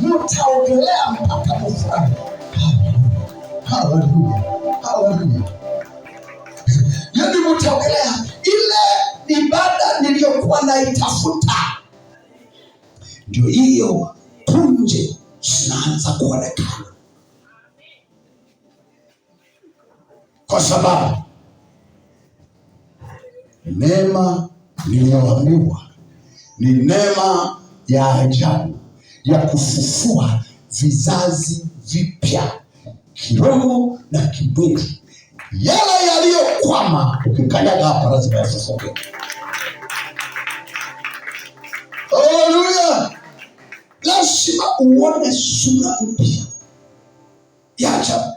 mtaogelea mpaka mufurahi. Haleluya, haleluya! Yani mtaogelea ile ibada niliyokuwa naitafuta, ndio hiyo. Punje zinaanza kuonekana kwa sababu neema niliyoambiwa ni neema ya ajabu ya kufufua vizazi vipya kiroho na kimwili. Yale yaliyokwama ukikanyaga hapa lazima yafufuke. Haleluya! Lazima uone sura mpya Yacha ajabu.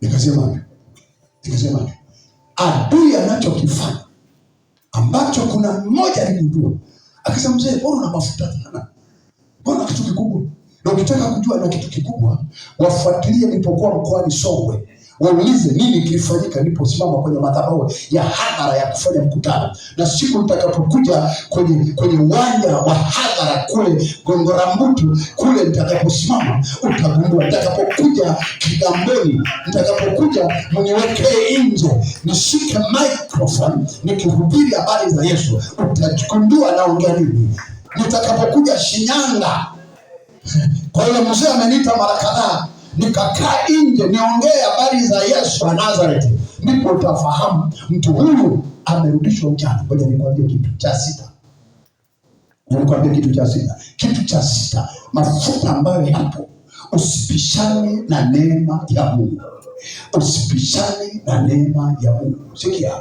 Nikasema, nikasema adui anachokifanya ambacho kuna mmoja aligundua akasema, mzee, mbona una mafuta sana Mbona kitu kikubwa? Na ukitaka kujua na kitu kikubwa, wafuatilie nilipokuwa mkoani Songwe, waulize nini kilifanyika niliposimama kwenye madhabahu ya hadhara ya kufanya mkutano, na siku nitakapokuja kwenye kwenye uwanja wa hadhara kule gongora mbutu kule nitakaposimama utagundua, nitakapokuja Kigamboni, nitakapokuja mniwekee nje, nishike microphone nikihubiri habari za Yesu, utagundua naongea nini nitakapokuja Shinyanga. Kwa hiyo mzee ameniita mara kadhaa, nikakaa nje niongee habari za Yesu wa Nazareti, ndipo utafahamu mtu huyu amerudishwa ujana. Ngoja nikwambie kitu cha sita, nikwambie kitu cha sita, kitu cha sita, mafuta ambayo yapo. Usipishane na neema ya Mungu, usipishane na neema ya Mungu. Sikia,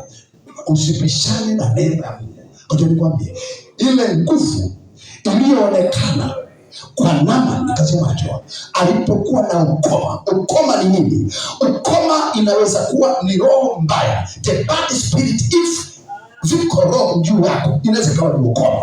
usipishane na neema ya Mungu. Ngoja nikwambie ile nguvu iliyoonekana kwa nikasema ikasemacho alipokuwa na ukoma. Ukoma ni nini? Ukoma inaweza kuwa ni roho mbaya, the bad spirit. If viko roho juu yako, inaweza ikawa ni ukoma.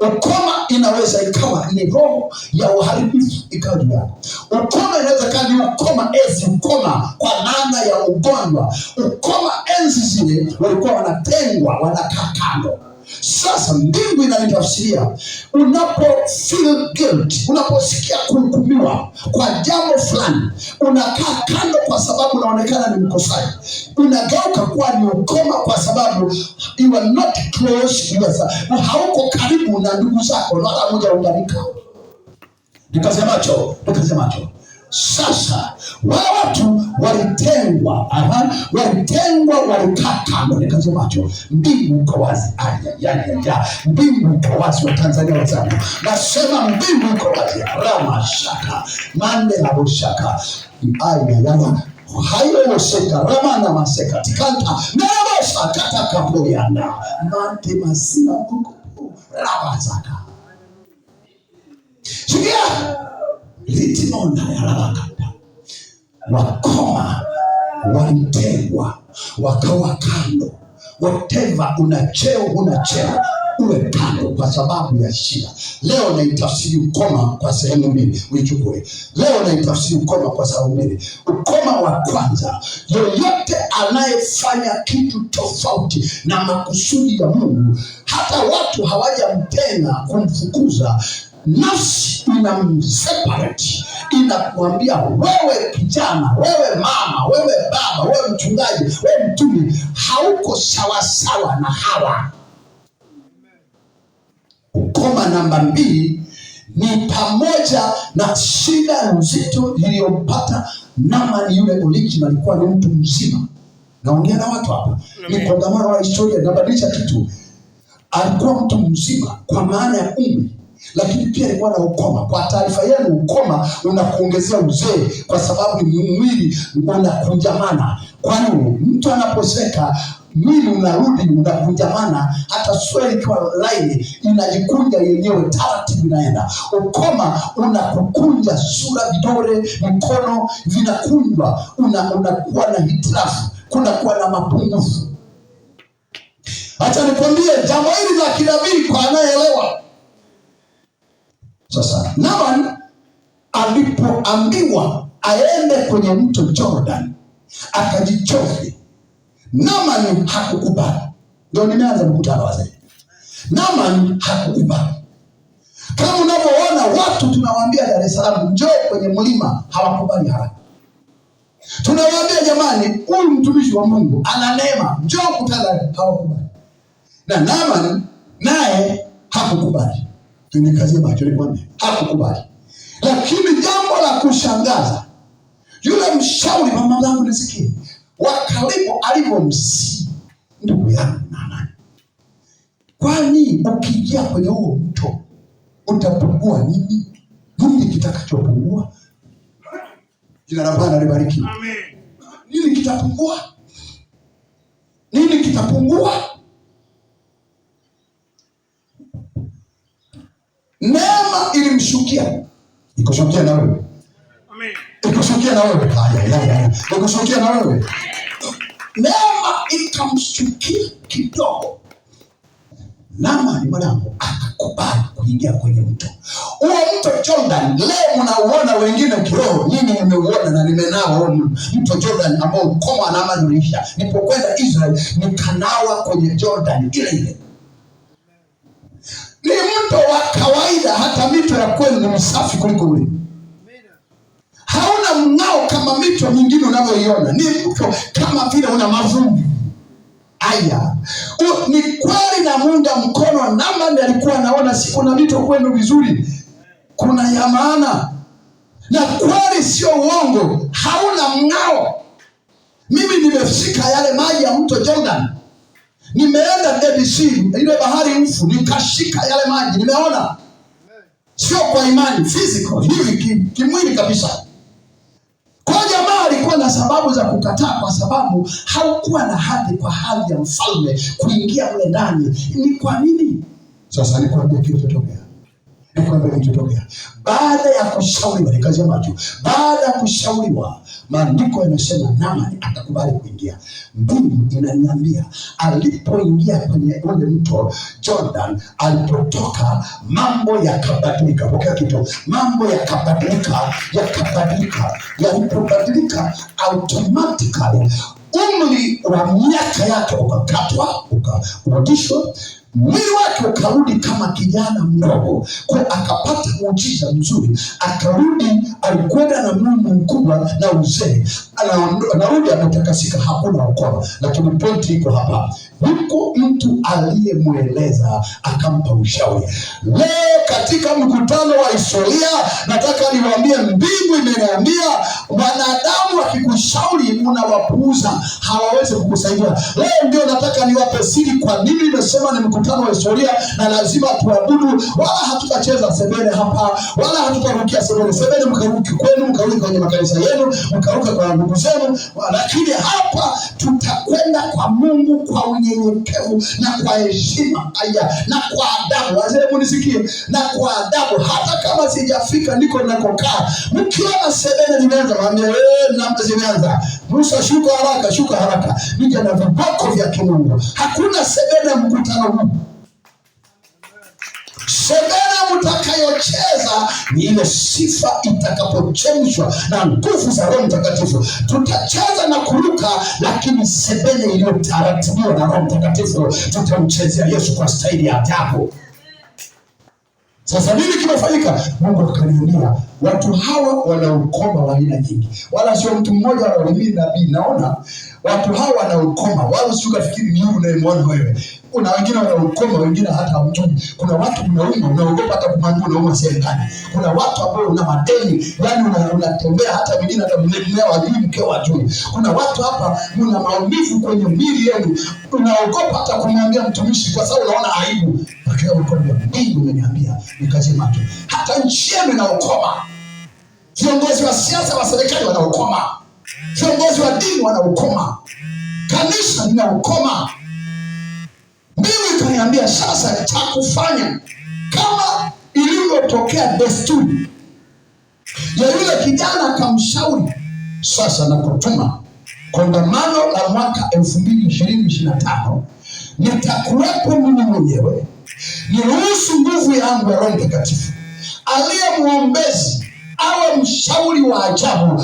Ukoma inaweza ikawa ni roho ya uharibifu ikawa juu yako. Ukoma inaweza ikawa ni ukoma ezi, ukoma kwa namna ya ugonjwa. Ukoma enzi zile walikuwa wanatengwa, wanakaa kando sasa mbingu inanitafsiria, unapo unaposikia kuhukumiwa kwa jambo fulani, unakaa kando kwa sababu unaonekana ni mkosaji, unageuka kuwa ni ukoma kwa sababu you are not close, hauko karibu na ndugu zako, wala unganika Nikasemacho, nikasemacho sasa wale watu walitengwa, aha, walitengwa, walikata mwelekezo macho, mbingu iko wazi. Ayayaya, mbingu iko wazi. Wa Tanzania wenzangu, nasema mbingu iko wazi. ramashaka mande na bushaka, maseka tikanta hailonoseka ramanamasekatikanta kapoyana mante masina mungu rabazaka sikia litimonda wakoma walitengwa wakawa kando. wateva unacheo unacheo una cheo uwe kando kwa sababu ya shida. Leo naitafsiri ukoma kwa sehemu mbili, uichukue leo. Naitafsiri ukoma kwa sehemu mbili. Ukoma wa kwanza, yoyote anayefanya kitu tofauti na makusudi ya Mungu, hata watu hawajamtena kumfukuza nafsi inamseparate, inakuambia wewe kijana, wewe mama, wewe baba, wewe mchungaji, wewe mtumi, hauko sawasawa na hawa. Ukoma namba mbili ni pamoja na shida nzito iliyompata ni yule Origen alikuwa ni mtu mzima, naongea na watu hapa, ni kongamano la historia, inabadilisha kitu. Alikuwa mtu mzima kwa maana ya umri lakini pia ni mwana ukoma. Kwa taarifa yenu, ukoma unakuongezea uzee, kwa sababu mwili unakunjamana. Kwa hiyo mtu anaposeka mwili unarudi unakunjamana, hata swali ikiwa laini inajikunja yenyewe taratibu, inaenda. Ukoma unakukunja sura, vidole, mikono vinakunjwa, unakuwa una na hitilafu, kunakuwa na mapungufu. Acha nikwambie jambo hili la kinabii kwa anayeelewa sasa Laban alipoambiwa aende kwenye mto Jordan akajichofe, Naamani hakukubali. Ndio nimeanza mkutano wazee, Naamani hakukubali. Kama unavyoona watu tunawaambia Dar es Salaam njoo kwenye mlima, hawakubali haraka. Tunawaambia jamani, huyu mtumishi wa Mungu ana neema, njoo kutana, hawakubali. Na Naamani naye hakukubali ya macho alikuwa hakukubali. Lakini jambo la kushangaza, yule mshauri, mama zangu nisikie, wakalipo karibu alivyomsii ndugu yangu Naamani, kwani ukiingia kwenye huo mto utapungua nini? Nini kitakachopungua? Jina la Bwana libarikiwe. Amen. Nini kitapungua? Nini kitapungua? Neema ilimshukia, ikushukia na wewe, ikushukia na wewe, ikushukia na wewe. Neema ikamshukia kidogo, nama ni mwanangu, akakubali kuingia kwenye mto huo, mto Jordan. Leo unauona wengine kiroho, nini nimeuona na nimenawa mto Jordan ambao mkoma na madirisha. Nipokwenda Israel nikanawa kwenye Jordan ile ile mto wa kawaida, hata mito ya kwenu ni msafi kuliko ule. Hauna mng'ao kama mito mingine unavyoiona, ni mto kama vile una mavumbi. Aya, ni kweli na muda mkono ndiye alikuwa naona, si kuna mito kwenu vizuri, kuna ya maana na kweli, sio uongo, hauna mng'ao. Mimi nimefika yale maji ya mto Jordan Nimeenda ABC ile bahari mfu, nikashika yale maji, nimeona sio kwa imani, physical hivi kimwili kabisa. Kwa jamaa alikuwa na sababu za kukataa, kwa sababu haukuwa na hadhi kwa hadhi ya mfalme kuingia mle ndani. Ni kwa nini? Sasa nikuambia kilichotokea kwamba baada ya kushauriwa, nikazia macho. Baada ya kushauriwa, maandiko yanasema Naamani akakubali kuingia. Mbingu inaniambia alipoingia kwenye ule mto Jordan, alipotoka mambo yakabadilika. Pokea kitu, mambo yakabadilika, yakabadilika. Yalipobadilika automatically umri wa miaka yake ukakatwa, ukarudishwa mwili wake ukarudi kama kijana mdogo, kwa akapata muujiza mzuri, akarudi. Alikwenda na Mungu mkubwa na uzee, anarudi ametakasika, hakuna ukoma. Lakini pointi iko hapa huko mtu aliyemweleza akampa ushauri. Leo katika mkutano wa historia, nataka niwaambie, mbingu imeniambia wanadamu wakikushauri unawapuuza, hawawezi kukusaidia. Leo ndio nataka niwape siri, kwa nini nimesema ni mkutano wa historia na lazima tuabudu, wala hatutacheza sebene hapa, wala hatutarukia sebene. Sebene mkaruki kwenu, mkaruki kwenye makanisa yenu, mkaruka kwa ndugu zenu, lakini hapa tutakwenda kwa Mungu kwa unye unyenyekevu na kwa heshima aya, na kwa adabu. Wazee, munisikie, na kwa adabu. Hata kama sijafika niko nakokaa, mkiona sebene zimeanza, wewe eh, namba zimeanza, Musa shuka haraka, shuka haraka, nija na viboko vya kimungu. Hakuna sebene mkutano huu utakayocheza ni ile sifa itakapochemshwa na nguvu za Roho Mtakatifu. Tutacheza na kuruka, lakini sebele iliyotaratibiwa na Roho Mtakatifu tutamchezea Yesu kwa staili ya ajabu. Sasa nini kimefanyika? Mungu akaniambia Watu hawa wana ukoma wa aina nyingi, wala sio mtu mmoja wala mimi nabii. Naona watu hawa wana ukoma, wala sio kafikiri ni yule unayemwona wewe. Kuna wengine wana ukoma, wengine hata hamjui. Kuna watu unauma, unaogopa hata kumwambia unauma serikali. Kuna watu ambao una madeni, yani unatembea hata mwingine hata mmea juu mke wa juu. Kuna watu hapa mna maumivu kwenye mwili yenu, unaogopa hata kumwambia mtumishi kwa sababu unaona aibu. Lakini ukoma, Mungu ameniambia nikasema tu, hata nchi yenu na ukoma Viongozi wa siasa wa serikali wanaukoma, viongozi wa dini wanaukoma, kanisa linaukoma. Mimi ikaniambia sasa cha kufanya kama ilivyotokea desturi ya yule kijana, akamshauri sasa, nakutuma kongamano la mwaka elfu mbili ishirini ishirini na tano nitakuwepo mimi mwenyewe, niruhusu nguvu yangu ya Roho Mtakatifu aliye mwombezi awe mshauri wa ajabu.